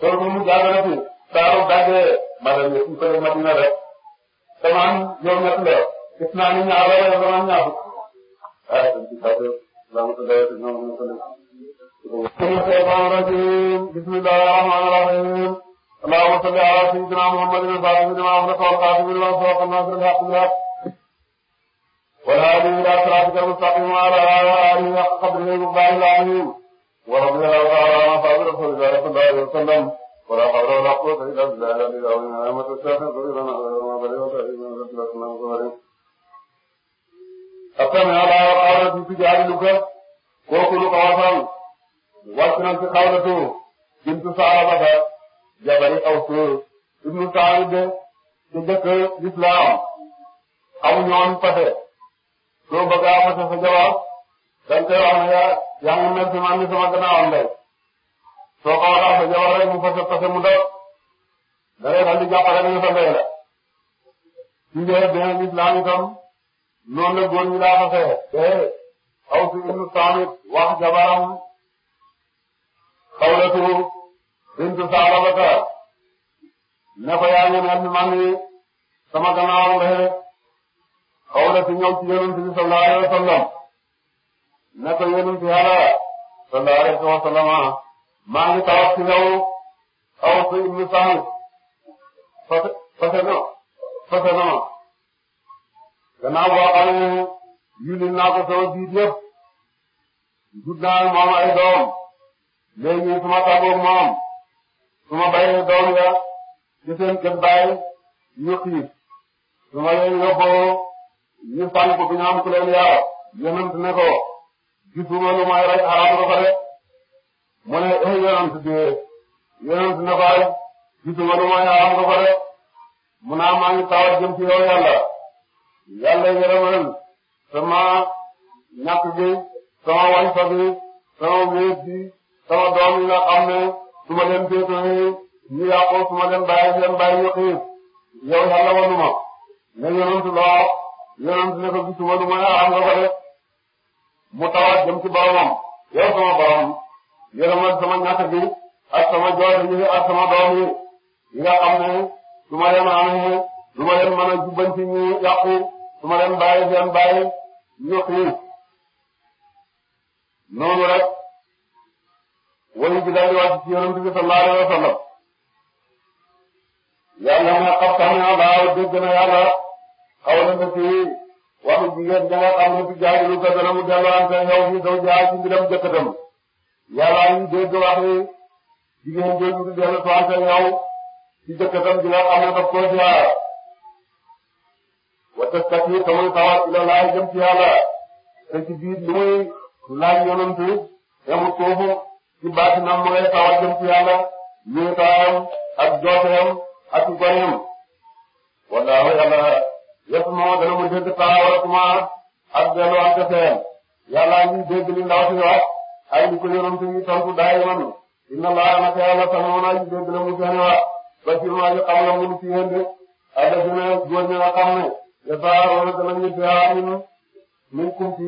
tool moom mu jaagale fi saaru daggee ma dem yëpp ñu rek damaa ñoom ñett la gis naa ni ñaar la wala damaa ñaar ah sëñ bi saa yëpp laa ma ko dawee te ñoom ñoo ko def. suñu seetaan rajiim bismillahi rahmaani rahiim allahumma salli ala sayyidina muhammadin al-faatihi lima ughliqa wal-khaatimi lima sabaqa naasiri al-haqqi bil-haqq wal-haadi ila siraatika al-mustaqiim wa ala aalihi haqqa qadrihi wa miqdaarihil aziim ورضي الله تعالى عن أصحاب رسول الله صلى الله عليه وسلم ولا حول ولا قوة إلا بالله العلي العظيم نعمة الشافع صغيرا وما بلغ تقريبا رسول الله صلى الله عليه وسلم أقام على الأرض في جعل لك وكل قوافل وسنا في قولته بنت صعبة جبل أوس ابن سعيد ci dëkk lislaam amuñu woon pate soo bëgg a pate sa jabar dañ koy wax ne yaa yaa ngi mel ci man mi sama gannaawam day soo ko waxee sa jabar rek mu fas fas mu daw daree daal di jàpp rek ñu sa ndey la. suñu dee beneen islam itam noonu la góor ñi daa fasee te aw si ibnu Saamit wax jabaram xawlatu bintu Saalabata ne ko yaa ngi mel ci man mi sama gannaawam day xawlatu ñëw ci yonent bi sallallahu alayhi wa sallam ne ko yonent Yàlla sallallahu alayhi wa sallam maa ngi tawat ci yow Aws ibn Saamit Fasenoo Fasenoo gannaaw boo xam ne yónni naa ko sama biir yëpp jur naa moom ay doom léegi su ma tàggoog moom su ma bayee doom ya ci seen kër bàyyi ñu xiif su ma leen yóbboo ñu sànq bu ñu am ku leen yaar yonent ne ko gisuma lu mooy rek xaraam nga ko def mu ne eh yonent bi yonent ne ko ay gisuma lu mooy xaraam nga ko def mu naa ah, maa ngi tawat jëm ci yow yàlla yàlla yërëmal sama ñàkk bi sama wàñfa bi sama wéet bi sama doom yi nga xam ne su ma leen béytoo ñu yàqu su ma leen bàyyi leen bàyyi ñu xiif yow yàlla wanuma ne yonent loo yonent ne ko gisuma lu mooy xaraam nga ko def mu tawaat jëm ci boromam yow sama borom yërëmal sama ñàkk bi ak sama jooju yi ak sama doom yi yi nga xam ne su ma leen amee du ma leen mën a jubbanti ñu yàqu su ma leen bàyyi seen bàyyi ñu xiif noonu rek wayu bi daal di wàcc ci yonent bi sallallahu alayhi wa sallam yàlla na xam-xam yàlla dégg na yàlla xaw na ci waxu jigéen da nga xam ne ci jaay lu ko dana mu delluwaante xew mi daw jaay ci mbiram jëkkëram yàlla ñu dégg waxi jigéen jooju di delluwaante xew ci jëkkëram di la xam ne daf koo jaar wata stakyi te muy tawat ila laay jëm ci yàlla te ci biir lu muy laaj yonantu xewut foofu ci baatinam mu ngay tawat jëm ci yàlla ñuy taayam ak jooteem ak goyam wallaahu yàlla yëpp moo dana mu dégg saa wala kumaar ak delloo ak seen li ndaw si wax ay li ko yoroon suñuy tontu daay man inna laa naka yàlla ay dégg mu seen wax ba ci maa ngi xam la mu ay la gën a góor ñi nga xam ne ya saa wala min min kum ci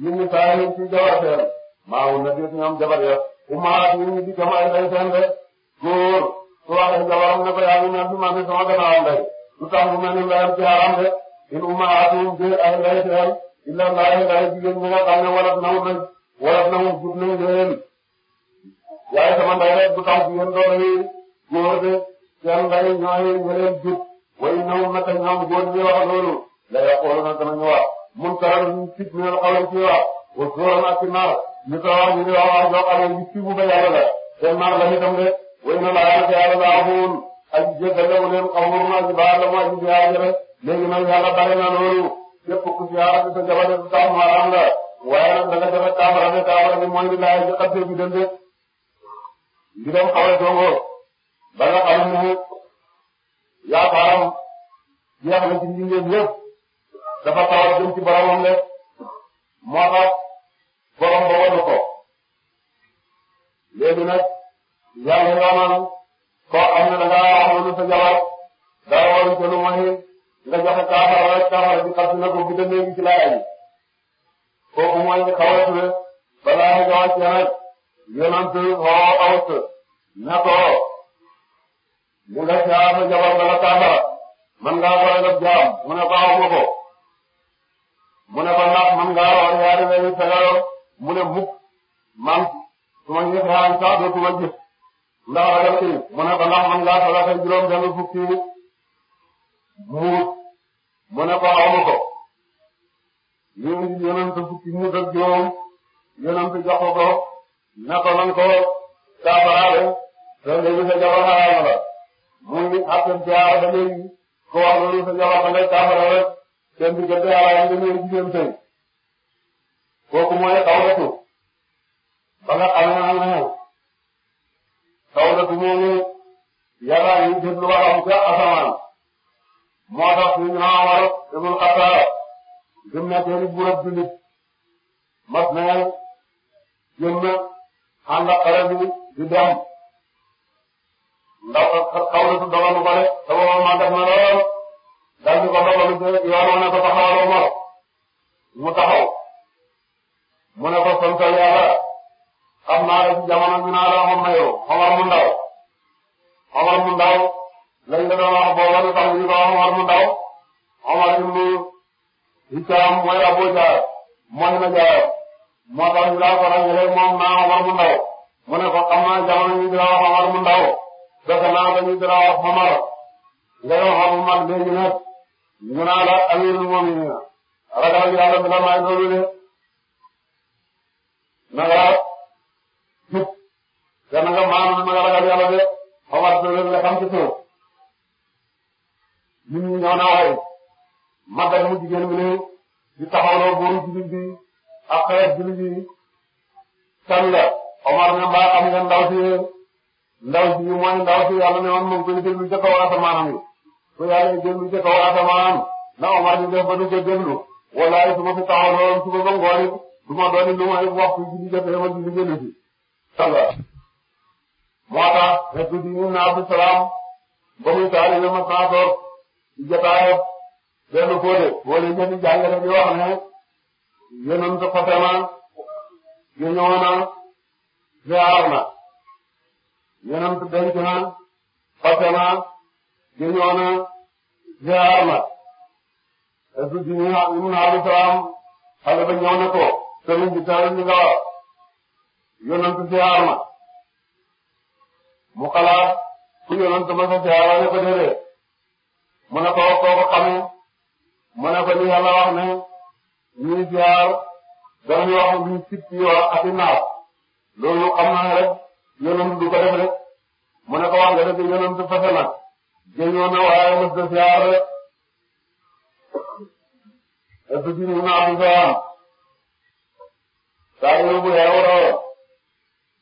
min ni saa yéen ci jabar maa wu na déet ñoom jabar ya kumaar ñu ngi di jam ay lay seen de góor su waxee jabaram ne ko yaa lu tax mu mel ni ndeyam ci haram de in ummaatuhum de ay ndey seen illa laahi lay jigéen ñi nga xam ne walaf nawut nañ walaf nawut jut nañ leen waaye sama ndey rek du tax jigéen doon nañu góor de seen ndey ñooy ñu leen jut way naw naka ñoom góor ñi wax loolu la yaqoolu na danañu wax mun karan ñu cib ñu leen xalam ci wax wa sóoran ak ci nar ñu ko wax ñu di wax wax joo xam ne ci bu ba yàlla la seen nar la itam de way na laa yàlla daa aji jéggalewul leen xamul ma aji baal la mu aji ziyaare rek léegi bare na loolu képp ku ziyaara bi sa jabar du tax mu araam la waaye nag da nga def ak kaabara ne kaabara li laay ji xasee bi dem de di dem xawe dongo ba nga xam ne yaakaaram jeex na ci njingéen yëpp dafa tawat jëm ci boromam de moo tax borom ba wàllu ko léegi nag yàlla nga naan koo xam ne da ngaa amoon sa jabar dara waru ca lu mooy nga joxe kaafara rek kaafara ji xas na ko bu demee ci laay aji kooku mooy xawatu balaa nga wàcce nag yonant xoo awut ne ko nga caa kaafara man ngaa boole nga jaam mu ne ko aw ma ko mu ne ko ndax man ngaa war yaari weyu sa mu ne mukk man su ma gis xaan sax dootuma gis ndax ragal xiif mu ne ko ndax man ngaa saraxe juróom benn fukki muut mu ne ko amu ko yéen yonent fukki muut ak juróom yonent jox ko ko ne ko nan ko saafaraale te léegi sa jabar xaraam la muy affaire jaar ba léegi ko wax loolu sa jabar ba ngay saafara rek seen diggante xaraam dañuy jigéen tey kooku mooy xaw ba nga xam ne sawdatu moomu yàlla ñu jël lu waxam ca asamaan moo tax ñu Umar ibn Xattaab gëm na teeni buurab jullit mas na jëm na ànd ak xare bi di dem ndax sawdatu dogalu ko rek te booba màggat na lool dal di ko dogalu te yoon ne ko taxawaloo ma mu taxaw mu ne ko santal yàlla xam naa la ci jamono ñu naa la waxoon na yow xomar mu ndaw xomar mu ndaw lañ la doon wax booba lu tax ñu ko xomar mu ndaw xomar ibnu Hisaam mooy Abu Jahl mooy na jaar moo tax ñu daa ko rangale moom naa xomar mu ndaw mu ne ko xam naa jamono ñu dina wax xomar mu ndaw defe naa ko ñu dina wax xomar nga doon xomar léegi nag ñu naa la amiirul mu'miniin ragal yàlla dina may loolu de jullit yi kan la Omar ne mbaa am nga ndaw si ndaw si mooy ndaw si yàlla ne woon moom koy déglu ca kaw asamaan yi ku yàlla déglu ca kaw asamaan na Omar di def ba du ko déglu walaay su ma fi taxaw lool su ko ba ngoon it du ma doon lu may waxtu julli jotee ma julli jëli si. kan la moo tax rek di ñu na Abdu Salaam ba muy taal yi ma saa toog di jotaayam benn côté wala ñetti jàngale bi wax ne. yonent xote na ñëw na ziar na yonent denc na xote na ñëw na ziar na te su ji ñu naan Ibn Abi Salaam xale ba ñëw na ko sëriñ bi teel ñu nga war yonent ziar na mu xalaat ku yonent ma sa ziar ne ko déedéet mu ne ko kooku xamee mu ne ko li Yàlla wax ne ñuy jaar dañuy wax luy sikk yoo ak i naaw loolu xam naa rek yonent du ko def rek mu ne ko wax nga def yonent fase nag jëñoo na waaye mos da siyaar rek est-ce que ñu naaw du soo am saa yoo bu yaa war a war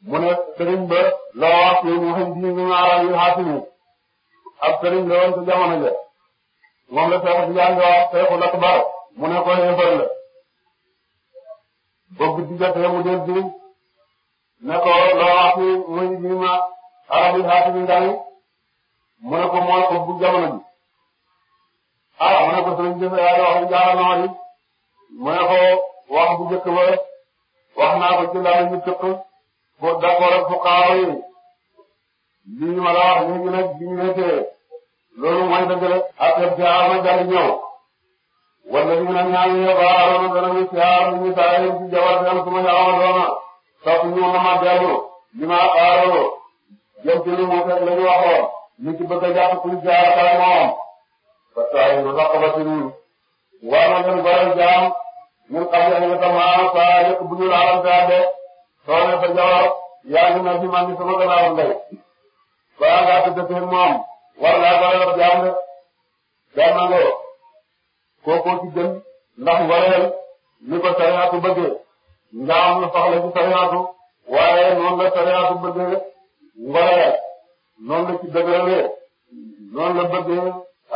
mu ne sëriñ ba la wax yow ñu xam diine ñaaraan yu xaasimu ab sëriñ la woon sa jamono ja moom la fexe si yaa ngi wax feexu lakk bar mu ne ko xeefal la bopp ci jotee mu del ne ko loo wax ni muy lii ma arabi xaatimi ndawi mu ne ko mooy ëpp jamono ji ah mu ne ko sëriñ jëfe yaa wax ni jaara noori mu ne ko wax bu jëkk wax naa ko ci laa ñu tëq pour d'accord ak fuqaaw yi ma la wax léegi nag bi ñu nekkee loolu mooy dëgg rek affaire bi ama jari wala ñu naan ñaari ñëpp aarama dana ñu si aar ñu saa yéen si jabar bi am su ma ñaaroon doona sax ñu mën a dellu ñu ma aaroo jëm ci lu mu fekk la ñu waxoon ñu ci bëgg a jàpp kuy jaar ak moom parce que ay na sax ba ci ñun. war na ngeen boole jaam ñun xam nga ne tam maanaam saa yëpp bu ñu laalam saa de soo ne sa jabar yaa ngi na fi man di sama gannaaw ndey balaa ngaa tëdd seen moom war ngaa boole jaam de jaam na ngoo. kookoo ci gën ndax ngoreel ni ko sariyaatu bëggee nga am lu soxla ci sariyaatu waaye noonu la sariyaatu bëggee ngoreel noonu la ci dëgëralee noonu la bëggee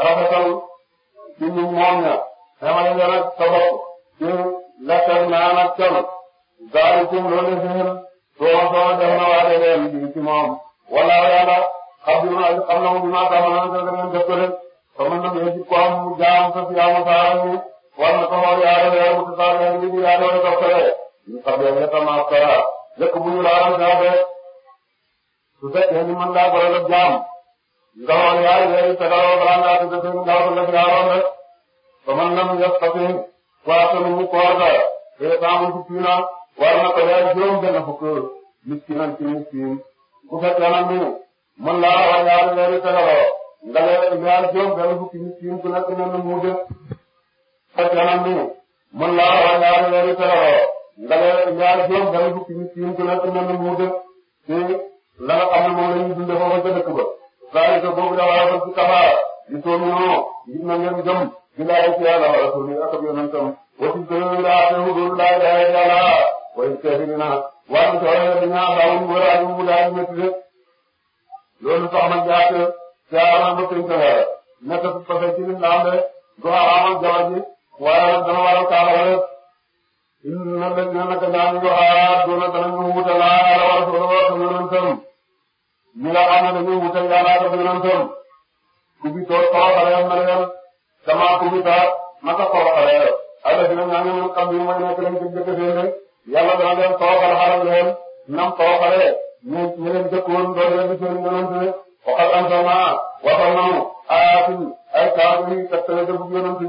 rafetal ci ñu moom ña xamal nga nag sa bopp ci lekk naan ak col zaalikum loolu fihim soo soo def na waate leen ci moom wala yàlla xam na mu bi ma tax ma naan sa ngeen def ko rek sama ndox yéen ci kawam mu jaamu sa si yàlla saa yi war na ko xool yàlla weer bu saa weer bii di yàlla war a toppale. ñu xam leen ne sama saa lépp bu ñu laal saa ba su fekkee ni mën ngaa la jaam nga xool yàlla weer yi sa dara balaa ngaa tuddee seen ndaw sa def yàlla rek waa sunu mu koor la te saa mu fukki na war na ko weer juróom benn fukk miskin ak ci miskin bu fekkee nag ni mën ngaa war yàlla weer yi sa dara ndax ñaar jóg benn fukki nit yi mu gën a gën a mu jëm. ak kanam bi mën naa wax ñaar ñaari terewoo ndax ñaar jóg benn fukki nit yi mu gën a gën a mu jëm te la nga xam ne moom la ñuy dundee foofu ca dëkk ba. saa yu boobu dafa war a ci tabaar li toog ñu noonu gis na ngeen jëm di laay ci yàlla wala suul yi ak ak yeneen tam. aussi que ñu daa feewu góor laay daay yàlla way seeti dina waaye soo yore dinaa daawul wala ñu mu daal métti lépp loolu sax na jafe. ca aram ba sëñ Seye nekk parce que ci liñ la am rek du xaraamal jabar ji waaye nag dana waral kaala wala na leen dina naka ñaan ñu xaaraat doona danañu wuute laa war a soxla war a soxla leen sëm ñi nga xam ne dañuy wuute yàlla ak leen sëm ku bi toog xooxale yam na leen sama ku bi taat naka xooxale yam ala dina ñaan ñu xam ni mooy nekk leen ci jëkk seen rek yàlla dana leen xooxal xaram leen nam xooxale ñu ñu leen jëkkoon doon leen di seen waxal anzalnaa waxal nañu ayatin ay saako yi tegtale dëgg yonent bi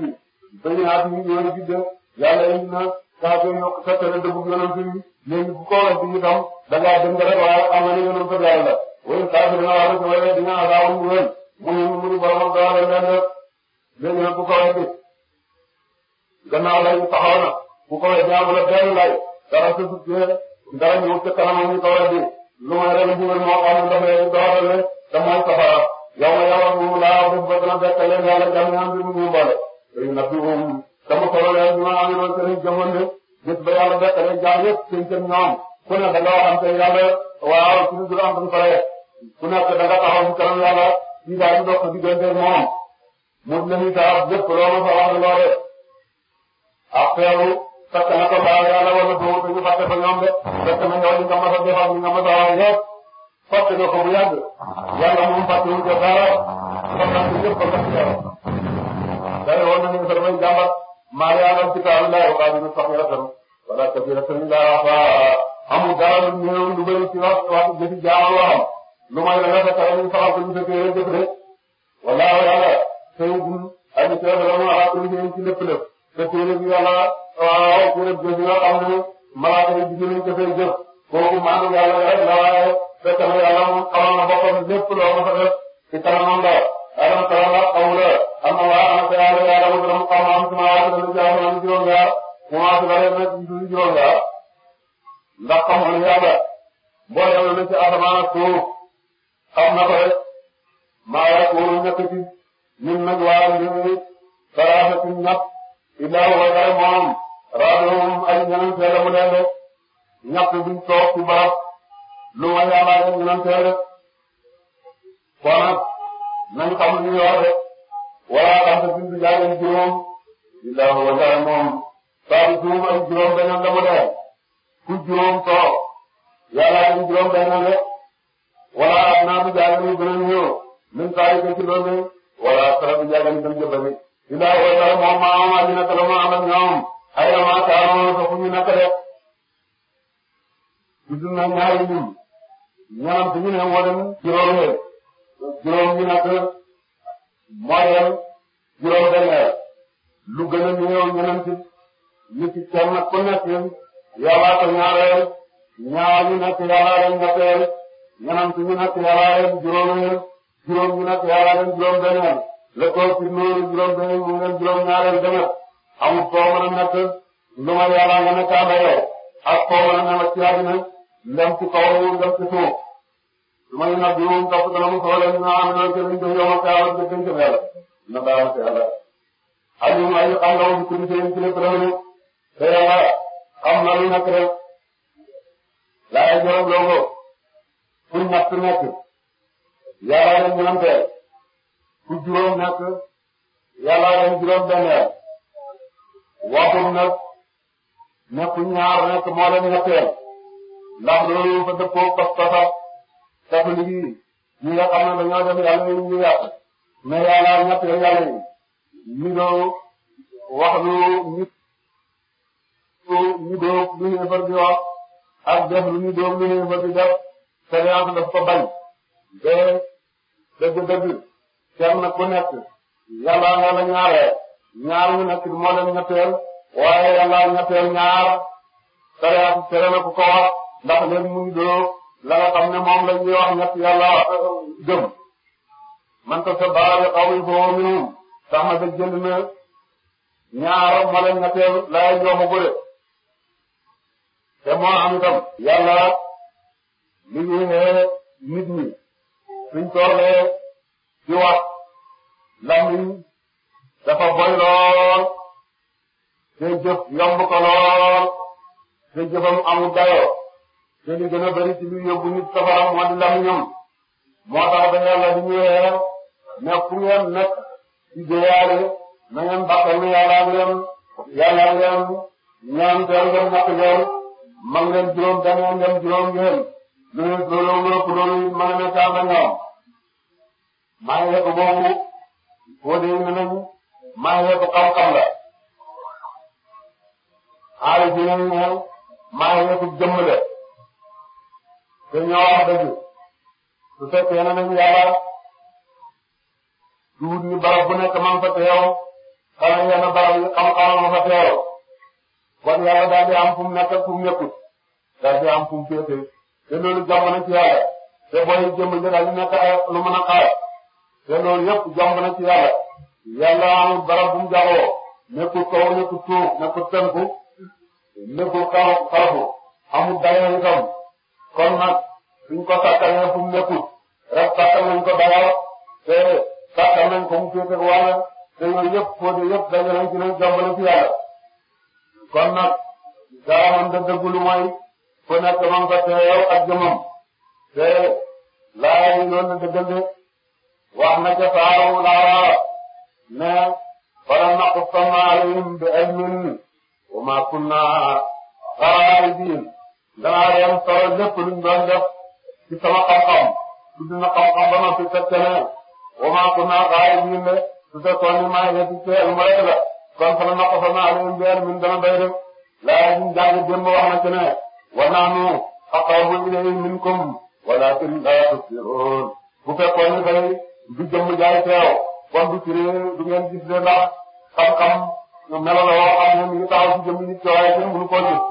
bayinaat yi yooyu gis nga yàlla indi na saako yokk tegtale dëgg yonent bi léegi bu ko wolof bi itam da ngaa dem rek waaye am na yonent bi yàlla wala saako dina war a ci wala dina asaawam mu wéy mu ngi mu ngi borom dara la leen def léegi nag bu ko wéy bi gannaaw lay taxaw na bu ko wéy jaamu la benn lay dara sa suuf dara ñëw ca kanamam ñu ko wéy bi lu may rek mbugal moo xam ne dafay doxalale. te mooy safara yow ma yow moom laa bëgg ba dana fekk leen yàlla jàmm ñaan bi mu ñu boole. léegi nag ñu moom sama solo la ñu ma ameloon seen i jëmmal ne bis ba yàlla fekk leen jaam yëpp seen seen ñoom ku nekk da nga waxante yàlla waaw suñu dul am suñu paree ku nekk da nga taxaw ci kanam yàlla ci daal di dox diggante moom moom la ñuy taxaw lépp loolu fa wax loole ak feeru fekk na ko baal yàlla wala boobu dañu fàtte fa ñoom de fekk na ñoo ñu nga mas a defal ñu nga mas a wax yëpp fàtte nga ko bu yàgg yàlla moom fàtte wu ko dara fàtte yëpp ba fàtte yàlla. dara woon nañu ne damay jàmbat maa yaalam kitaabu laa waxaa dina sax yaratam wala kabiratan illa waxaa amul dara lu néew lu bëri ci wax wax jëfi jaamal waxam lu may la nga fexe ñu saxal ko ñu fekkee rek jëf de wala yàlla sayidul ak ci la mu wax ak ñu ci lépp lépp te téere bi yàlla waaw téere bi nga xam ne malaaka yi jigéen ñi dafay jëf kooku maanaam yàlla rek la waaye fekk na yàlla moom xamal na boppam lépp loo mën a def ci kanamam la Adama kanam la xamu la am na waa am na sa yàlla yàlla mu gën a xamu am sama waa dina lu jaay ma am juróom-ñaar mu ma si bare rek ñu juróom-ñaar ndax xamu na yàlla boo demee lu ci asamaan ak suuf xam na ko rek maa yàq wóolu ñett ci ñun nag waa mbir mi farata ci ñax Ibrahima ba pare moom rajo moom ay ñeneen seede mu leen rek ñax bi ñu toog ci barab. lu ma yaabaale ñu doon teel rek kon nag nañ xam li ñuy wax rek wala tax na bindu jaay leen juróom di daaw ba jaay moom saa yu juróom ay juróom benn la mu dee ku juróom soo yàlla ay juróom benn rek wala ab naa bi jaay leen gën a ñëw min saa yu ko ci loolu wala saa bi jaay leen dem jëfandikoo di daaw ba jaay moom maa ma maa dina teel a maa am ak ñoom ay na maa saa ma ma sa fu ñu nekk rek. gis nañ ñaari ñun. ñoom bu ñu nee moo dem juróom weer juróom bu nekk moo dem juróom benn weer lu gën a ñëw ñeneen ci nit ci kenn ku nekk yàllaa ko ñaareel ñaar ñu nekk yàllaa leen ñetteel ñeneen ci ñu nekk yàllaa leen juróom weer juróom ñu nekk yàllaa leen juróom benn weer le ko ci loolu juróom benn mu ngeen juróom ñaareel demet amul foo mën a nekk ma yàllaa nga a nekk ci àddina ndam ci kaw ndam ci suuf su ma yéene ak juróom topp dana mu soxla ñu naan loolu kenn duñ ko yomal kaa war a def dañ ko xeex na baax na yàlla. Aliou maa ngi xam nga woon ci li ngeen ci lépp loolu te yàlla xam na lu nekk rek laay juróom loo ko pour natt nekk yàlla leen ñeenteel ku juróom nekk yàlla leen juróom benneel waxum nag nekk ñaar nekk moo leen ñetteel. ndax loolu fa dëppoo pas pasa catholique yi ñi nga xam ne dañoo def yàlla yi ñu yàq mais yàlla ñettee yàlla yi ñu doo wax lu nit ñu doo lu xéefar di wax ak def lu di def séance daf ko bañ ba dëgg-dëgg kenn ku nekk yàlla nga la ñaaree ñaar ñu nekk moo leen ñetteel waaye yàlla ñetteel ñaar séance tere na ku ndax léegi la xam ne moom la ñuy wax ñett yàlla gëm man ta sa baal yi xaw yi foofu minum tax na da jënd na ñaar mala ñetteel lay jox ko de te moo am itam yàlla li ñuy xee nit ñi suñ toorlee ci wax lamiñ dafa boy lool te jëf yomb ko lool te jëfam amul dayoo te li gën a bari ci lu yóbbu nit safara moo di lamu ñoom ba yàlla di ñu yee ne ku ngeen nekk ci déyaale na ngeen bàqal ni yàlla ngeen yàlla ngeen ñaan teel ngeen ñàkk ngeen mag ngeen juróom dangeen ngeen juróom ngeen lu ngeen loolu ngeen ku loolu it ma nga nekk am na ñoom maa ngi yëpp boobu foo dee ne nañu maa ngi yëpp xam-xam la xaalis yi ngeen maa ngi yëpp jëmm la te ñoo wax dëgg su fekkee ne nañu yàlla duut ñu barab bu man fa teew xanaa yenn barab yi xam-xamam ma fa teewoo kon yàlla daal di am fu mu nekk fu mu nekkut daal am fu mu te loolu jomb na ci yàlla te booy jëmb ji daal di nekk lu mën a xaar te loolu yëpp jomb na ci yàlla yàlla amul barab bu mu jaxoo nekkul kaw nekkul suuf nekkul tënku nekkul xaw xarafu amul dayoo itam kon nag suñ ko sàkkalee fu mu nekkul rek sàkkal nañ ko dawal te sàkkal nañ ko mu féete wàll te yooyu yëpp foofu yëpp daje nañ ci lañ jombale ci yàlla kon nag dara man de dëgg lu mooy ku nekk man ko teew ak jëmam te laaj yi loolu la dëggal de wax na ca saaru laara ne fala naqussanna alayhim bi ilmin wa ma kunna ghaa'ibin danaa doon solo lépp luñ doon def ci sama xam-xam tudd na xam-xam ba noppi fekk na wamaa ku naa xaay ñun de su fekkoon ni maa ngi ci teel mu rek la kon fa la naq fa naa leen mbéyal min dana béy rek laa ñu jàng démb wax na ci ne wa naanu aqrabu ilayhi minkum walakin la tusirun bu fekkoon ni tey du jëmm jaay teew kon du ci du ngeen gis ne ndax xam-xam melo la woo xam ne mi ngi taxaw ci jëmm nit ci waaye kenn mënu ko gis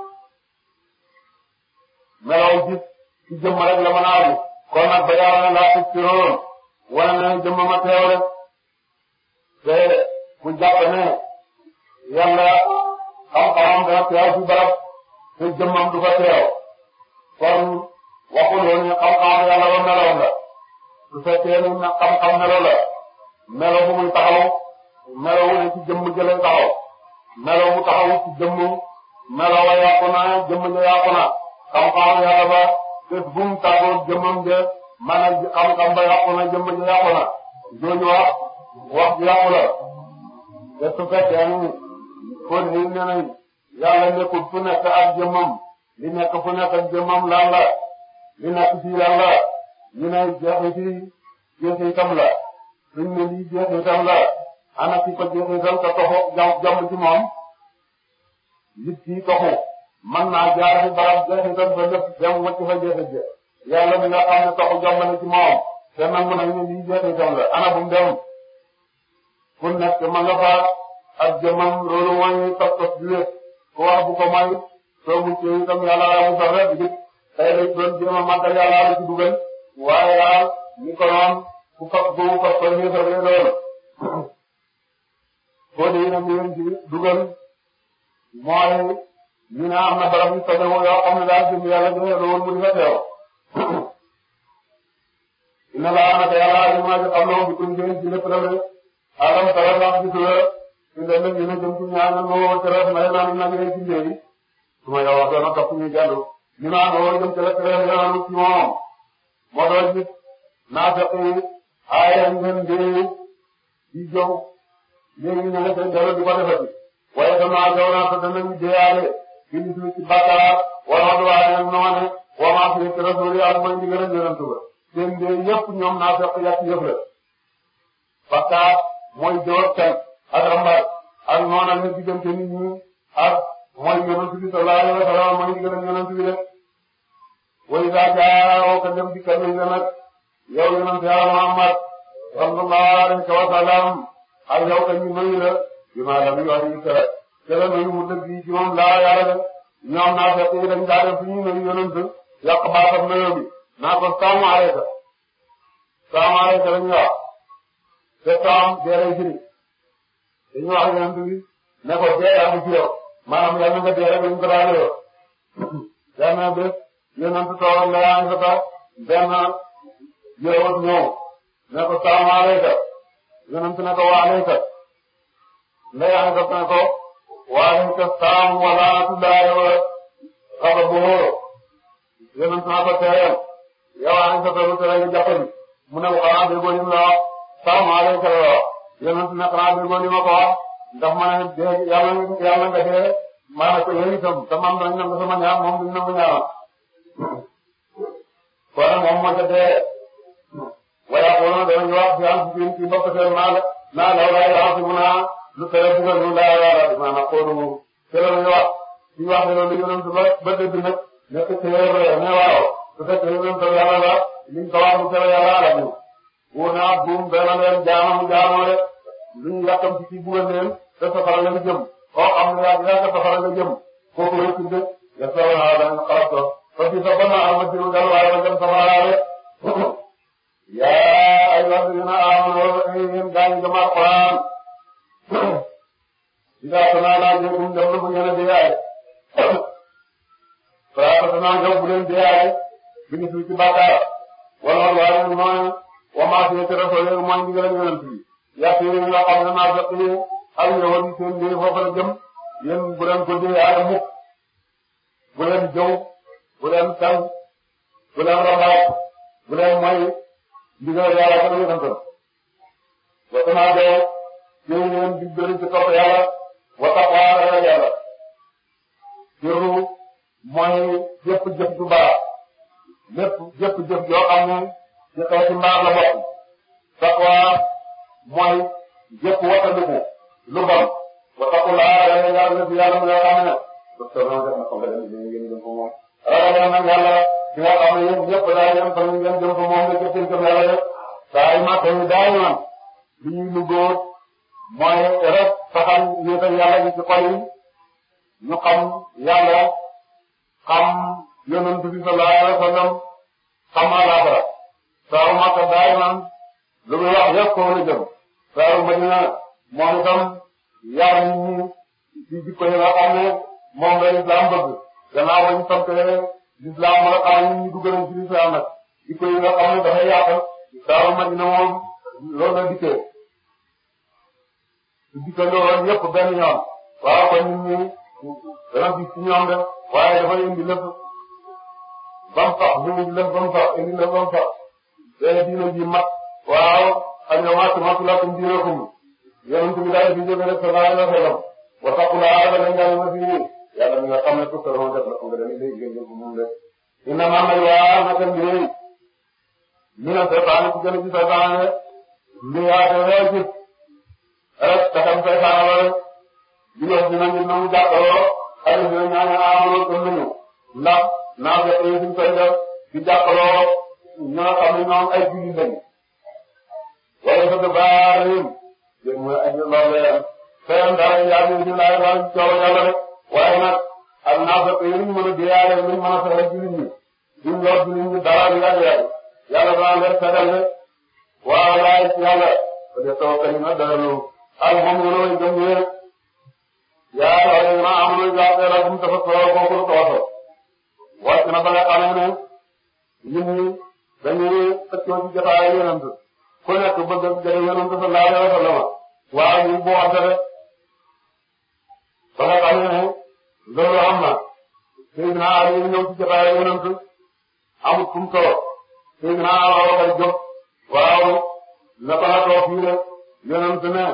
melaw gis ci jëmm rek la mën a am kon nag ba yàlla na ci woon wala na jëmm ma teew rek te ku jàpp ci barab te jëmmam du fa teew kon waxul woon ne xam-xamam la su fekkee ne na xam la melo bu muy taxaw melo wu ne ci jëmm jële taxaw melo bu taxaw ci jëmm melo wa yàqu naa jëmm ja yàqu naa xam-xamam yàlla ba bés bu mu tàggoog jëmmam de maanaam xam-xam ba yàqu na jëmm ji yàqu na jooju wax wax ji yàqu la te su fekkee ni kon nii nee nañ yàlla nekkul fu nekk ak jëmmam li nekk fu nekk ak jëmmam lan la li nekk fii lan la ñu ne jeexiti jeexitam la suñ ne lii jeexitam la ana ci ko jeexitam ka toxu jàmm ci moom nit mën naa jaar ci barab jeexital ba lépp dem wëcc fa jeexit ja yàlla mi nga xam ne toxu jàmm na ci moom te nangu nañ ne la ana bu mu dem ku nekk ma nga fa ak jëmmam loolu mooy tos tos bu ko may soo muccee itam yàlla laa mu sax rek nit tey rek doon jéem a màggal yàlla la ci dugal waaye daal ñu ko noon ku fas boobu ko ñëw sa bëri loolu boo dee itam ñu ne am na barab yu soxla yoo xam ne daal jëm yàlla gën a yoroon mu di fa teew. dina la am ak yàlla alima ji xam na woon bitim jëm ci lépp rek alam salaam wax dëgg la ñu dem rek ñu ne jëm ci ñaar na moo ci rek may naan nag yéen ci njëriñ su ma yow ak yoon ak topp ñu jàll. ñu naan woo jëm ci rek rek yoonu ci moom moo doon gis naa fekk aayam ngeen jëriñ di jóg léegi ñu ne seen jaww ji ko defati waaye sama jaw naa ko danañ jéeyaale. ci musul ci bàkkaar wala duwaayam noone wa ma'siyati rasuli ak mooy ndigal ak yonent ba seen de yëpp ñoom naa fekk yàq yëf la bàkkaar mooy joor tel ak rambar ak noon ak ne diggante nit ñi ak mooy yonent bi sallallahu alayhi wa sallam mooy ndigal ak yonent bi de wa iza jaa'uka dem dikkal nañ la nag yow yonent ya Muhammad sallallahu alayhi wa sallam ak yow ka ñu nuyu la bi maa lam yuhadika jërë nga ñu mu dëgg yi ci moom laa yàlla de ñoom naa fekk yi dañ daa def suñu nañu yonent yàq baatam na yoon bi naa ko saamu alayka saamu alayka lañu wax te saam deeray firi dañu wax yonent bi ne ko dee am ci yow maanaam yal na nga dee rek lañu ko daal yow yal na bés yonent toog la yaa ngi ko tax benn yowat ñëw ne ko saamu alayka yonent ne ko waa alayka la yaa ngi ko ne ko waaye ka saam walaatu daay wa xaba booro yeneen saa ba teeyal yow a ngi sa toolu tere nga jàppandi mu ne xanaa déggoo li mu la wax saam a lay tere la wax yeneen su ne xanaa déggoo li ma ko wax ndax ma ne dee yàlla yàlla nga dee maa ne ko yooyu itam te man dañ nangu sama ñaar moom duñ nangu ñaar kon moom moo ca dee wala xoolal danañ wax si am si kii bokk seen maa la naa law laay wax si mu naa lu tere bugal noonu laa war a maanaam xoolu moom te loolu ñu wax ñu wax ne loolu yonent ba ba dëgg nag nekk ci yore ba yore mais waaw su fekkee yonent ba yàlla la liñ ko wax lu tere yàlla la ñu wóor naa buum benn leen jaamam jaamoo rek luñ yàqam ci ci bugal leen te safara la jëm koo xam ne yaa yaa safara la jëm kooku la tudde ya sawara dañ xalaat ko parce que sa banna ama diru dal waaye la jëm safara rek yaa ay wax dina amoon yéen gaañ gëm alquran Iza tanaadaa jëkum def na bu ngeen a déyaale farata tanaa nga bu leen déyaale bi ñu ci bàkkaar wala wala mooy wa maa fi tere soo yëg mooy ndigal yonent bi yàq yi nga xam ne naa fekk yi ak yowoon seen mbir foofu la jëm yéen bu leen ko déyaale mukk bu leen jëw bu leen tàng bu leen rambaat bu leen mooy ndigal yàlla ko yonent ba tanaa jël ngeen di jëli ci topp yàlla wa taqwa ragal yàlla jëru mooy jëpp jëf ju baax lépp jëpp jëf yoo xam ne ci xeeti mbaax la bokk taqwa mooy jëpp wattandiku lu bon wa taqula ragal yàlla bi yàlla mu nga xam ne docteur non def na ko nga dem ngeen jëm ko moom ragal nag yàlla ci nga xam ne yéen ñëpp daa yem fa ngeen jëm ko moom la jëppin ko yàlla rek saa yi ma koy daa ñu am li ñuy lu góor mooy rek saxal yéetal yàlla gi ci yi ñu xam yàlla xam yonent bi sallallahu alayhi wa sallam xam alaaxira saaru Makka daay naan lu muy wax yëpp koo la jëm saaru Madina moom itam yar nit ñi ci jikko yi nga xam ne moom la islam bëgg gannaaw ba ñu sant l'islam la xam ne ñu duggal ci l'islam nag jikko yi nga xam ne dafay yàq saaru Madina moom loolu la dikkee dikkandoo woon ñëpp benn yoon waaw kon ñun ñu dana gis ci ñoom de waaye dafay indi lëf ba mu sax ñu indi lëf ba mu sax indi lëf ba mu sax day diina ji mat waaw xam nga mat mat laa ko diinakum yonent bi daal di jóge rek sallallahu alayhi wa sallam wa taqulaa la nga ma fi yàlla mi nga xam ne tout ce que def na ko nga dem day gën ko moom de inna maa may waa naka mbiri ñu ne seetaan ci gën a gis a baax ne mbiyaate rek taxam koy faral rek diweer dina ñu ñoom jàppaloo xale bi ñu naan aamuloo ah, gëm nañu ndax naa fekk yéen suñ koy def di jàppaloo ñoo xam ne ñoom ay jullit lañu. wala fa te baal yéen yéen mooy ay lool la yéen xëy na dara yaa ngi ñu laaj laaj coono yàlla rek waaye nag ak naa fekk yéen ñu mën a diyaale ñu mën a fexe jullit ñi duñ lor jullit ñi dara di laaj yàlla yàlla naa leen fegal ne waaw laaj yàlla te de taw kañ la dara loolu. المؤمنون جميعا يا أيها الذين آمنوا إذا قيل لكم تفكروا فاذكروا الله واتنا ba nga xamee ne nit ñi dañuy xëccoo ci jotaay yonent ku nekk bëgg a jëlee yonent sallallahu alayhi wa sallam waaye ñu boo xamante ba nga xamee ne loolu am na Seydina Ali ñëw ci jotaay yonent amul fu mu toog Seydina Ali war a jóg waaw na ko la toog fii rek yonent ne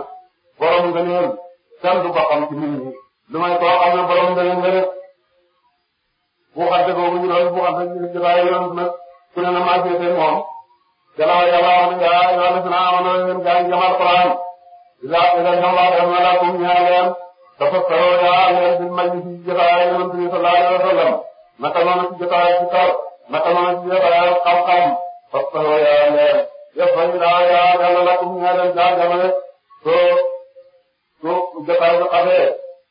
borom ngëneel kenn du ko xam ci nit ñi lu may koo xam ne borom ngëneel nga def buuxante boobu ñu doon buuxante ñu jotaay yoon nag ku ne na maa seetee moom jalawa yàlla wax ne yaa yàlla def naa amoon na leen gaa yi jamal Qur'an idaa ila jalla dama la ko ñaan leen dafa saroo yaa leen di may ci jotaay yoon bi sallallahu alayhi wa sallam naka noonu ci jotaay ci kaw naka noonu ci jotaay xam-xam dafa saroo yaa leen yëpp yaa yàlla la ko ñaan leen gaa jamal soo jotaay bu xamee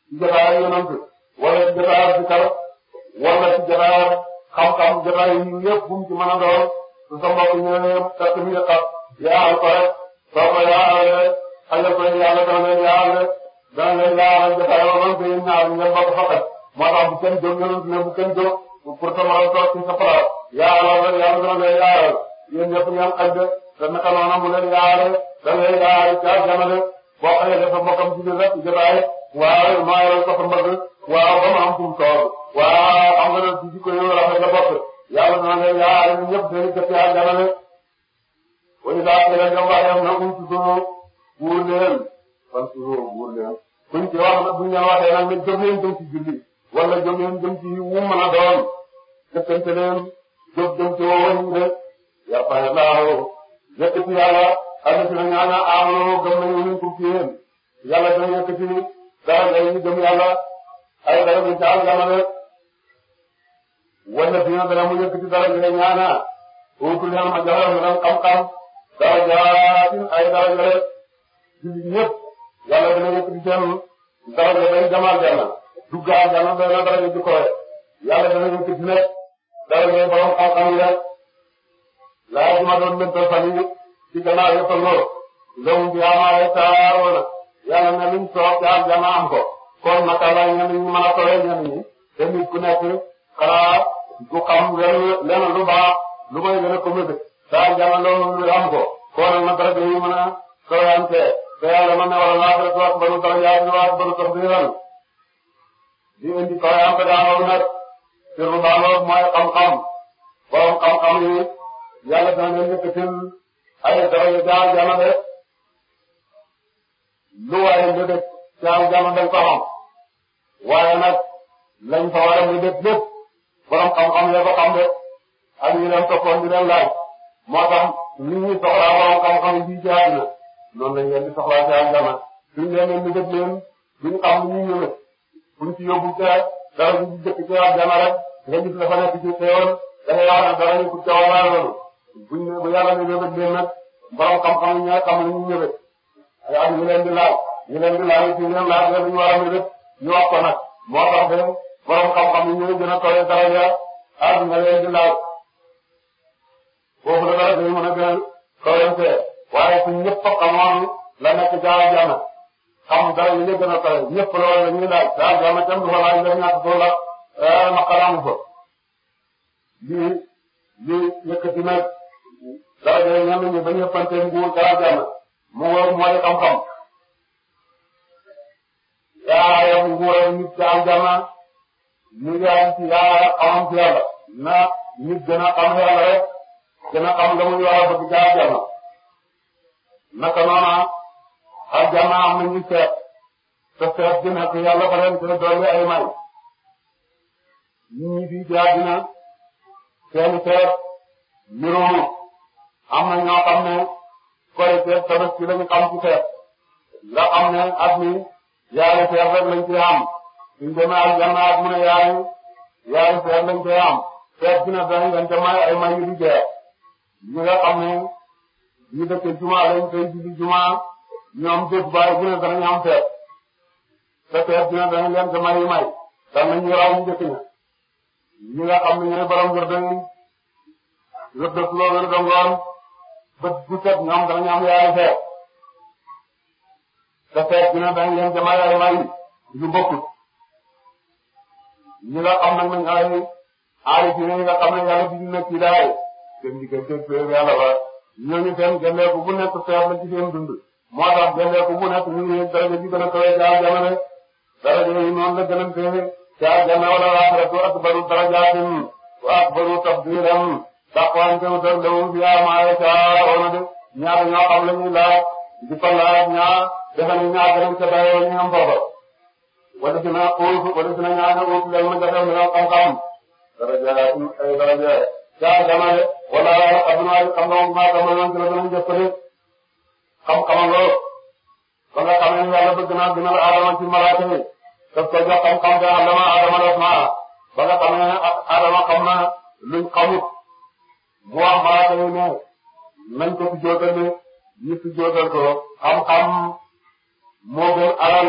ci jotaay yonent wala ci jotaay zikar wala ci jotaay xam-xam jotaay yi yëpp bu mu ci mën a doon su sa mbokk ñëwee fekk mu yëkkat yaa al ko rek soo ko yaa alee xajal ko yàlla dana leen yaa alee dana leen yaa alee jotaay yonent yi ñaar ngeen bokk fakat moo tax bu kenn jóg yonent ne bu kenn jóg pour sa mën a toog ci sa place yaa alal rek yàlla dana leen yaa alee yéen ñëpp ngeen xaj de te naka noonu mu leen yaa alee dana leen yaa alee boo xamee dafa bokkam ci biir rek jotaay waaw maa yor sax mbëgg waaw ba ma am fu mu toog waaw am nga doon ci jikko yu rafet la bokk yàlla na ne yaa ñun ñëpp dañuy def yaa gën a ne. wala daa koy def mbaa yam na buñ ci gëmoo buur leen fan ci gëmoo buur leen buñ ci wax buñ leen waxee nag ne jóg leen jëm ci julli wala jóg leen jëm ci wu mën a doon jëfante leen jóg jëm ci woo wëñ de yàlla fayal laa woo yëkkati yàlla. xale si la ñu naan amaloo gëm nañu ñu tuuti yéen yàlla dina nekk ci dara day ñu gëm yàlla ay dara bu caal dama ne wala dina dara mu nekk ci dara bi rek ñaanaa wutul ñaar ma jaral ma dem xam-xam dara jaatin ay dara bi rek jullit ñëpp yàlla dina nekk ci seen dara bi day jamaal jànna duggaal jànna dara dara bi di koy yàlla dina nekk ci nekk dara bi borom xam-xam ma doon mental fan yi ci gannaaw yëpp a ngóor loolu bi amaale taaroona yàlla na luñ soog ci aljana am ko kon naka la ñenn ñi mën a sore ñenn ñi te nit ku nekk xalaat du xam lenn lu baax lu may gën a ko mën te aljana loolu lu am ko kon nag naka la ñu mën a sorante te yàlla na ne wala naa fekk wax ba nu soxla yaay ñu waat ba nu soxla yéeral di indi sorante daanoo nag te lu baax loolu mooy xam-xam borom xam-xam yi yàlla dana leen yëkkatil ay dara yu gaaw jamono de lu waaye lu def gaaw jamono dañ ko xam waaye nag lañ fa war a lu def lépp borom xam-xam la ko xam de ak ñu leen toppoon di leen laaj moo tax li ñuy soxlaa borom xam-xam yi ci àdduna loolu lañ leen di soxlaa ci àdduna suñ leen lu def leen duñ xam lu ñuy ñëwee buñ ci yóbbu ca dara bu jëkk ci àdduna rek nga gis la fa nekk ci xéewal da ngay wax ne dara ñu ko buñ ne bu yàlla ne ñëbët dee nag borom xam-xam ñoo xam ne ñu ñëbët ay at ñu leen di laaj ñu leen di laaj ci ñoom laaj rek ñu war a ñëbët ñu wax ko nag moo tax ba borom xam-xam yi ñooy gën a tooyee daraja at nga leen di laaj foofu la dara day mën a gën a tooyee waaye suñ ñëpp xamoon la nekk jaara jaana xam dara yi ñu gën a tooyee ñëpp la wala ñuy laaj jaara jaana kenn du fa laaj nga ñàkk koo la eh, naqaraamu fa lii lii yëkkati nag daraja yi ñenn ñi bañ a pante nguur daraja mu wóor mooy xam-xam yaayam nguuram nit ci aljana ñu yaayam ci yaaya xamam ci yàlla na nit gën a xam yàlla rek gën a xam la muy war a bëgg ci aljana naka noona aljana ah, am na ñu seet te seet gi nekk yàlla ba leen gën a dolli ay may nit ñi di jaadina seen seet niróo am na ñoo xam ne korite tabaski lañu xam ci feet nga xam ne at mi ci am suñ ne yaari yaari feet lañ koy am feet dina ca may ay may yu di ñi nga xam ne ñu dëkk juma lañ koy julli juma ñoom jëf baay bu ne danañ am feet te feet dina doon leen ca may yu may daan nañ raw ñu jëkk ñi nga ne ñooy borom wër dëng wër dëkk loo wër dëngoon bët bu set ñoom danañu am yaay feet te feet dina dañ leen jëma yaay may yu bokkut ñi nga xam nag nañ ay aarifine ñi nga xam ne yàlla di nekk ci daay seen diggante péer yàlla ba ñooñu seen gendeeku bu nekk feet la ci seen dund moo tax gendeeku bu nekk ñu ngi daraja ji gën a kawe jaar jamono daraja yi noonu la gën a téere jaar jamono wala laaxiratu akbaru darajaatin wa akbaru tabdiran dàqwaan te wutal lewum fi yaa maa ya caa woon de ñaata ñoo xam la ñuy laaj di fa laaj ñaa defe nañ ñaa gën ca dayoo ñu am foofa wala dina uuf wala dina ñaata uuf leen mën nga def ñu xam-xam darajaatin ay daraja caa dama de wala abdoulaye xam nga maa ko mënoon ci la gën a jëfandikoo xam-xamam lool ba nga xam ne yàlla bëgg naa gënal aadama ci malaaka yi daf ko jox xam-xam te aadama aadama def maa ba nga xam ne aadama xam na luñ xamut mu wax malaaka yi ne nañ ko sujjóotal ne ñu sujjóotal ko xam-xam moo gën alal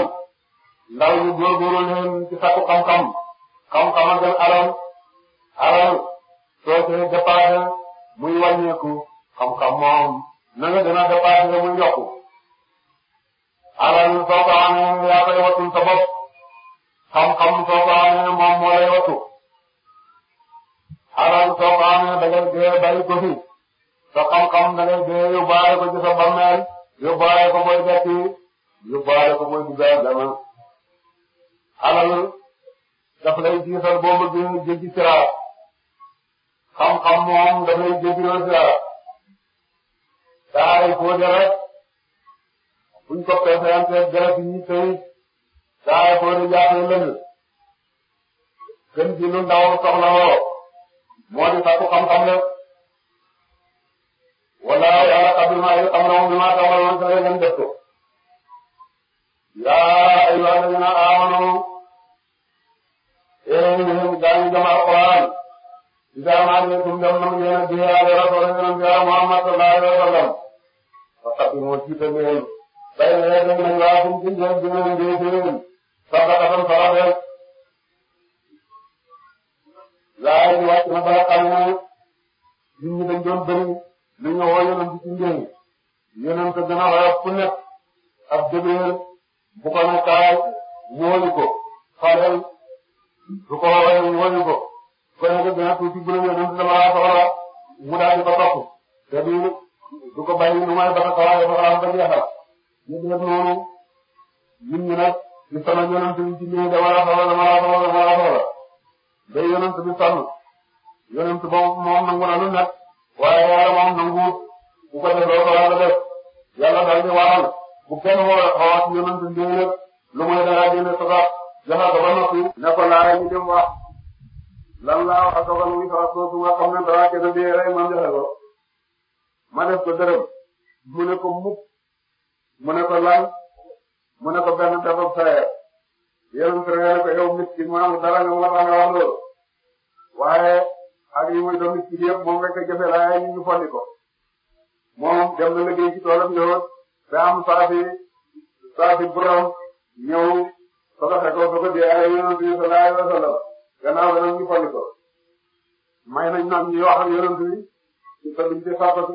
ndaw ñu góorgóorlu leen ci sakku xam-xam xam-xam a gën alal alal soo see dépassé muy wàññeeku xam-xam moom na nga gën a dépassé muy yokku alal soo ko amee yaa koy wattul sa bopp xam-xam soo ko amee moom moo lay wattu alal soo ko amee da ngay dee fi sa xam-xam da ngay dee yóbbaale ko ci sa bàmmeel yóbbaale ko booy dekki yóbbaale ko booy dugal dama alal daf lay jiital boo bëggee jéggi siraat xam-xam moom daf lay jéggi lool siraat daay foo rek buñ ko peesee garab yi tey daay foo di jaaxle lënd gën moo di sàkku xam-xam la wala yàlla xabil maa yi xam na moom bi maa xamaloon sax ngeen def ko yaa ayyuhal lazina amanu yéen daañu jëm alquran idaa naajeekum dem na ngeen a diya ala rasul ngeen diya Muhammad sallallahu alayhi wa sallam faqaddimu jiite ngeen bayna yadayhi nañ laa kum ci ngeen dina ngeen gaa yi ñu na ba xam ne nit ñi dañ doon bëri nañu woo yonent ci njëriñ yonent gën a ab dëgër bu ko ne kaay ñu wëñu ko xaalal ko waxee ñu wëñu ko kon nag gën a tuuti bu la yonent dama laa soxla mu daal di ko topp te du du ko bàyyi ba ko kaay dafa ba jeexal day yonent bi sonn yonent boobu moom nangu na lu nekk waaye yàlla moom nanguwut ku ko def loo ko war a def yàlla daal di waral bu kenn war a xawaat yonent bi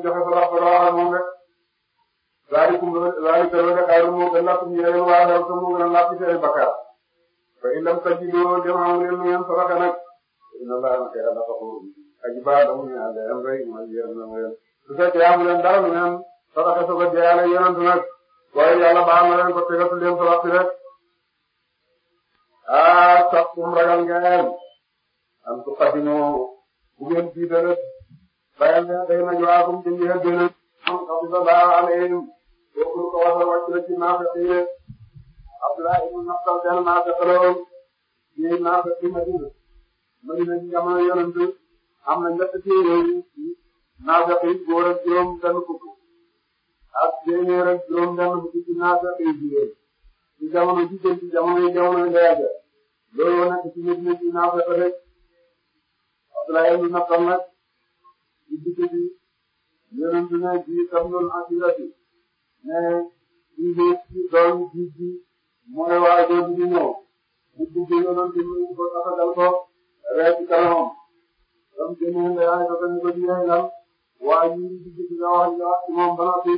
mu joxe sadax ba doxal ak moom rek zaalikum zaalika loolu xayrun moo gën lapp ci yéen waa xew te moo gën a lapp ci seen bakkaar fa in lam tajidu dem amu leen lu ngeen sadaxe nag Abdoulaye ibn Mas'ud benn marché xelóom ñuy marché ci Madina Madina ci jamono yonent am na ñett ci yooyu marché yi góor ak juróom benn fukk ak téeméer ak juróom benn fukk ci marché yi jigéen ci jamono jigéen ci jamono yi jamono yi ndeyage loolu ne ji tam loolu assuré bi mais ci doon ji mooy waaye doon di ñëw bu duggee nga doon déglu ko taxagal ko rek ci kanamam donc dinañ la yaay dafa ñu ko di yeegal waaye ñu ngi dugg ci nga wax moom ba noppi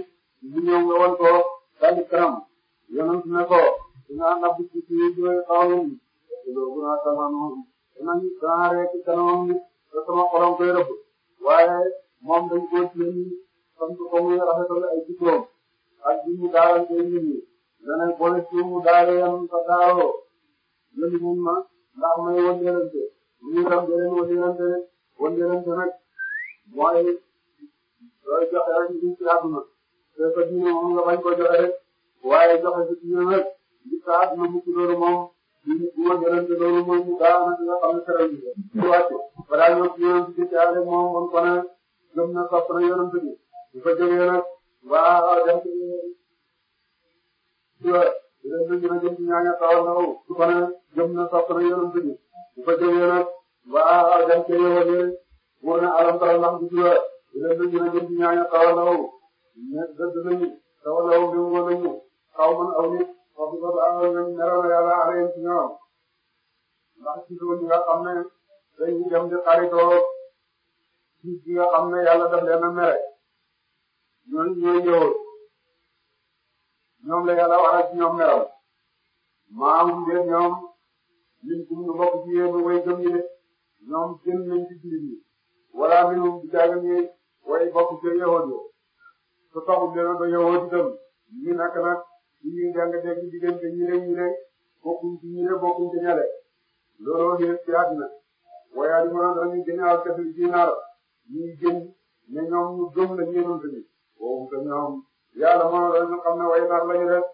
di ñëw nga wan ko daal di kanam yonent ne ko dinaa napp ci ci biir xawam loolu naa kanamam dinañu dinaa rek koy rëbb waaye moom dañ ko ci sant ko muy rafetal ay jikkoom ak li ñu daaral koy nit ñi dana boole suufu daara yam fa daawoo yéen ñun ma ndax may wëndeelante bu ñu tam jëlee wëndeelante nag mooy looy joxe rek ñu ci àdduna te sa diine moom nga bañ ko joxe rek waaye joxe sa diine rek li sa àdduna mu ci la. wàcce balaa ñoo ci moom kon kon na sopp na yonent bi bu fa jógee nag waa dem ci ñun ñaaña taxaw na wu. su ko ne jëm na sopp na yonent bi bu ko jëlee nag waa argan ca yow de wóor na alam taxaw ndax du ci wér. yéen a ngi leen jëm ñaaña taxaw na wu. mais dëgg nañu taxaw na wu même woon nañu xaw man aw nit wax dëgg ba amoon nañ meroon yàlla alayhi ci ñoom ndax ci loolu ñi nga xam ne dañuy dem di xaritoo ci ci nga xam ne yàlla daf leen a mere ñooñu ñooy ñëwoon ñoom la yàlla wax ak ñoom meram maamum dee ñoom min kum nu ñoom génn nañ ci biir yi wala minum di way bokk ci yahood yo su taxul leen ba yahood itam ñi nak nak ñi jàng dégg diggante ñi de ñi de bokkuñ ci ñi de bokkuñ ci ñale looloo xeet ci àddina waaye alima dara ñu génne al kafir dinaar ñuy génn ne ñoom ñu gëm la ñeenante ni woowu te ñoom yàlla moo doon ñu xam ne way nar lañu def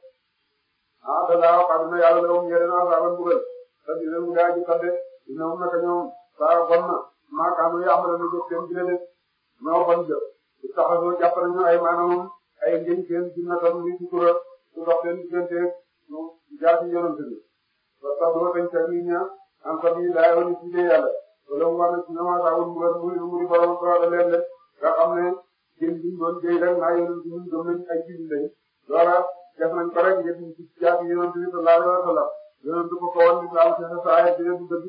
ah te daaw xam na yàlla de moom ñebe naa saa ba dugal te dina mu daa ji kat de dina mu naka ñoom saa bon na maa xam ne yàlla na jóg seen dina de noo bon jë sax soo jàpp nañu ay maanaam ay ngeen seen dina tam li ci tura su dox seen diggante mu jaasi yonent bi ba sax doo dañ sa nit ña am sa biir daa yoon ci dee yàlla wala mu war na ci ñoom saa woon dugal mu mu di borom soo da leen de nga xam ne jën biñ doon jëy rek maa yonent bi ñu gëm nañ ay jiw lañ def nañ ko rek ngeen ci jaati yonent bi sallallahu alayhi wa sallam yonent ko ko woon islam ci sa saay bi du dëgg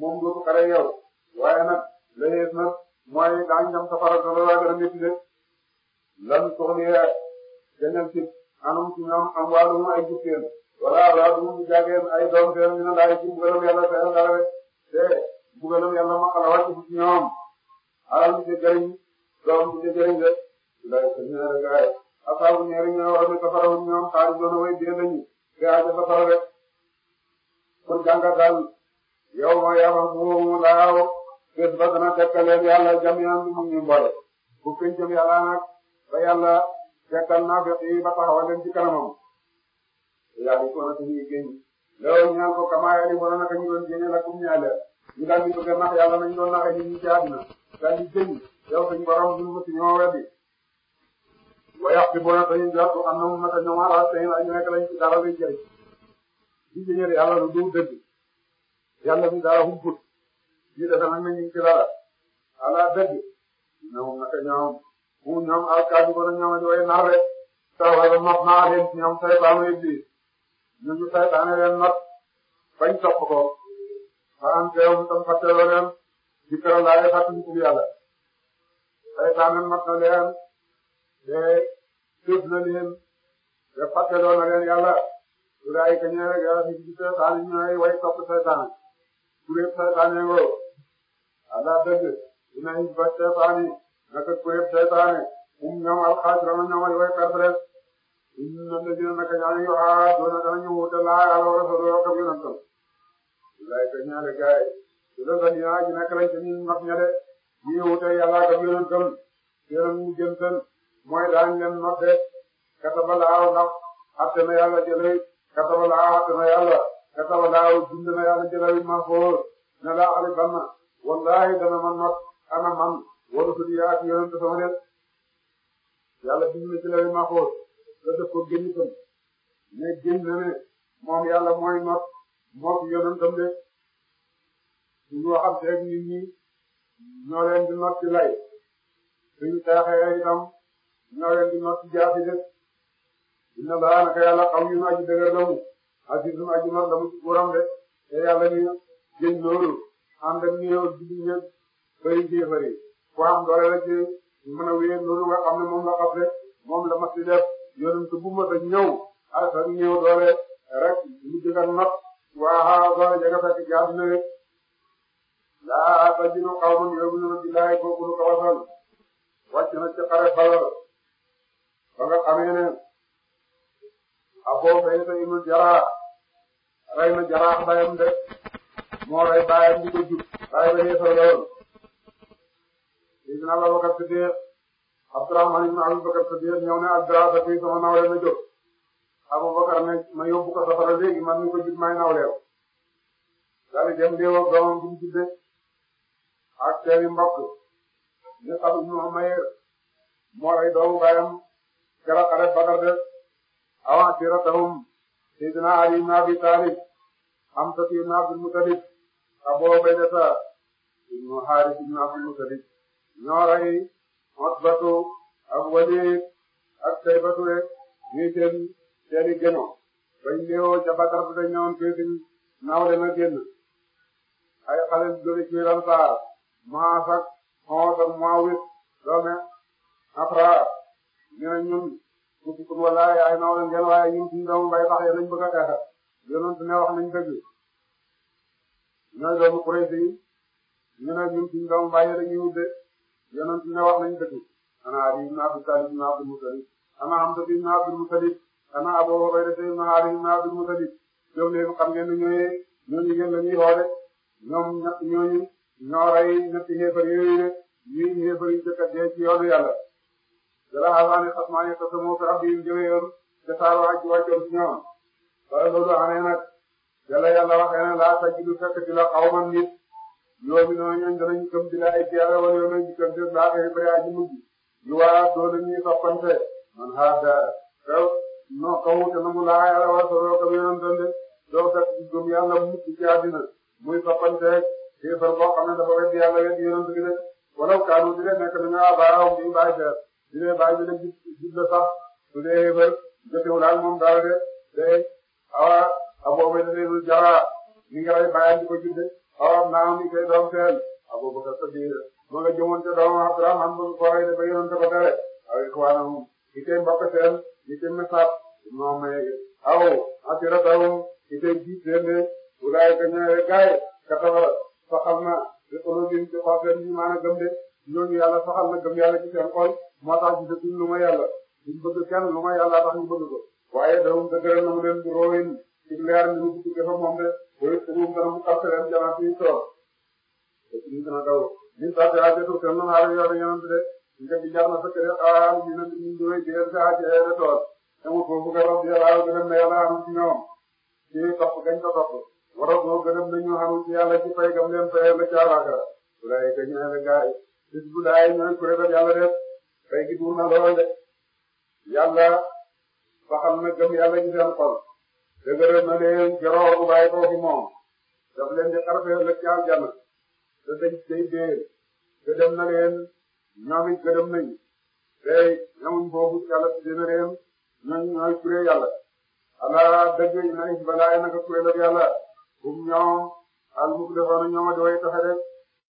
moom doo ko xare yow waaye nag la yees nag mooy daañu dem safara dara laa gën a métti de lan soxla dañu ci anam ci ñoom am wàllum ay jukkeen wala wala du mu jaageen ay doom seen ñu ne laay ci mbugalam yàlla seen dara rek te mbugalam yàlla ma xala wàcc ci ñoom alal bi ci jëriñ doom bi ci jëriñ de lay ko ñu ne la asaabu ñeeri ñooy wax ne safara wu ñoom xaalidoona way dee nañu te aja safara rek kon jàngatal yow ma yama buum laaw bés ba dana tekkaleen yàlla jami'an bi mu ñu mboole bu pencam yàlla nag ba yàlla tekkal naafiq yi ba taxawal leen ci kanamam yaa ngi koona suñuy géñ loolu ñaan ko kamaayali wala naka ñu doon génne la kum ñaale ñu daal di bëgg nax yàlla nañu doon naxe nit ñi ci àddina daal di géñ yow suñu borom duñu mësu ñoo weddi wa yaxsibuuna dañuy jot annahum naka ñoom ala shay'in ay nekk lañ ci dara luy jëriñ di jëñal yàlla lu dul dëgg yàlla mi dara humput ñu defe nag ne ñu ci dara ala dëgg ñoom naka ñoom mu ñoom alkaasibuuna ñoom di way nar rek saa wala not naa leen ñoom saytaanu iblis ñu ñu saytaane leen not bañ topp ko fa am teewum tam fàtteloo leen di keroog laay fàttali ko yàlla saytaane not na leen. te tëb na leen te fàttaloo na leen yàlla ulaay ka ñëw rek yàlla fi ci seytaane ñooy way topp seytaane kuréel seytaane ngoo ala dëgg dina ñu ba seytaane naka kuréel seytaane um ñoom alxaasirama ñoom ay way perte rek inna ladina naka ñaari yu ah doona dana ñu wuute laa yàlla war a soxla ak yonantam ulaay ka ñëw rek gaay su dee sa dinaa ji nekk lañ ci ñun mag ña de ñu wuute yàlla ak yonantam yéen a ngi jëm seen mooy daañu leen nodde katabalaaw ndax atte na yàlla jëlee katabalaaw atte na yàlla katabalaaw bind na yàlla jëlee ma foor laa xale na wallaahi dana man not ana man wala su di yaatu yonent sama def yàlla bind na jëlee ma foor te def ko génn itam mais moom yàlla mooy not mook yonentam de suñu waxanteeg ñoo leen not ci lay suñu xeexee itam. ñoo leen di not jaasi de inna laa naka yàlla xaw yu aji dëgër la mu azizum aji man la mu kuram de te yàlla ni jëñ loolu ànd ak néew jigéen ña bëri ci yëfar yi ku am doole ci mën a wéyee loolu nga ne moom la xas moom la mas di def yonent bu mas a ñëw arasa néew doole rek mu jëga not waa doole jaga fekk jaasi na rek laa tajidu xaw man yóbbu na bilaay kooku lu ko wasal wàcc na ci xare Badar ba nga xamee ne aboo bay bay nu jaraax rey na jaraax de moo rey bayam di ko jub bay ba yeesal la woon sidina Abubakar Siddiq Abdurahman ibn Abubakar Siddiq ñëw ne Abdurahman fii sama nawle na jóg Abubakar ne ma yóbbu ko safara léegi man mi ko jub may nawleew daal di dem déewoo doomam bu mu ak seeri mbokk ni xam ñu Umayr moo rey doomu bayam kala xare Badar de aw asiratahum sidna Ali ibn Abi Talib Hamza ibn Abdul Muttalib Abu Ubaydata ibn Harith ibn Abdul Muttalib ñoo rey Utbatu ak Walid ak Saybatu rek ñuy seen seeni geno bañ léewoo ca Badar de ñëwoon fii fi nawle na génn ay xale jóge ci Ansaar Mu'aaz ak Uwais doomi Afra ñu ne ñun mosukkum walaay ay nawle ngeen waaye ñun suñu doomu mbay bax lañ bëgg a xeexal yonent ne wax nañ dëgg ñooy doomu Quraysh yi ñu ne ñun suñu doomu mbay dañuy wute yonent ne wax nañ dëgg ana Ali ibn Abdul Talib ibn Abdul Muttalib ana Hamza ibn Abdul Muttalib ana Abu Hurayra ibn Ali ibn Abdul Muttalib ñoom léegi xam ngeen ne ñooy ñooñu ngeen la ñuy xoole ñoom ñett ñooñu ñoo rey ñetti xeefar yooyu de ñuy xeefar yu jëkk a dee ci yoonu yàlla dara xasaane xas maa ngi xasamoo ko rabbi yi jëme yoon te saaro ak wàccoon ci ñoom wala loolu amee nag yàlla yàlla waxee na laa tajidu fekk ci la xawman nit yoobi noonu ñoom danañu gëm di la ay teere wala yoon nañu gëm di laa xëy bëri aji mujj yu waa doo dañuy soppante man xaar daa xew non kawu te na mu laa yàlla war soroo kam yoon tande doo fekk ci gëm yàlla mukk ci àddina muy soppante kéefar boo xam ne dafa weddi yàlla weddi yoon bi de wala kaanu di de nekk dañoo abaaraw su dee baay bi nag jub jub la sax su dee xeebar jotewul ak moom dara de te awa aboobayda leen jaraa mi ngi lay bàyyi di ko awa naa mi koy doom seen abubakar sadiq ma nga jëmoon te doomam abdurahman bu ko rey de ba yonent ba dare aw ixwaanahum ki tey mbokk seen ki tey mesap moo may aw asiratahum ki tey jiit seen ne wulaay ka ñëwee gaay kataba saxal na ci xolubim ci xol seen de ñooñu yàlla saxal na gëm yàlla ci seen xol moo tax gisatuñ lu ma yàlla duñ bëgg kenn lu ma yàlla tax ñu bëgg ko waaye dawum dëgëral na mu leen di roowin ci leer mi nu bugg dafa moom de booy tëbuum dana mu xas leen janaat yi toog te ñu gën a daw min sax yaa jotul kenn mën xaaral yoo xam ne nga di jar na sa kër ah ñu ne ñu ñëwee jëlee saa jëlee la tool te mu foofu nga rob yàlla gërëm na yàlla am ci ñoom ci topp gañ ko topp waroo boo gërëm na ñu xam ci yàlla ci fay gam leen fayal la caalaaka la. walaay ka ñu ne la gars yi bis bu daay ñooy kuréel ak yàlla def fay gi duur na lool de yàlla na gëm yàlla ci seen xol dëgëral na leen joroo bu bàyyi ko fi moom daf leen di xarfee lëg ci aljanna te dañ day dee gëdëm na leen ñoom it gëdëm nañ te ñamuñ boobu yàlla si dina leen ñoñ ñooy kuré yàlla ala dëgg yi na is balaa naka kuréel ak bum ñoom al muk defoona ñooma di way taxe rek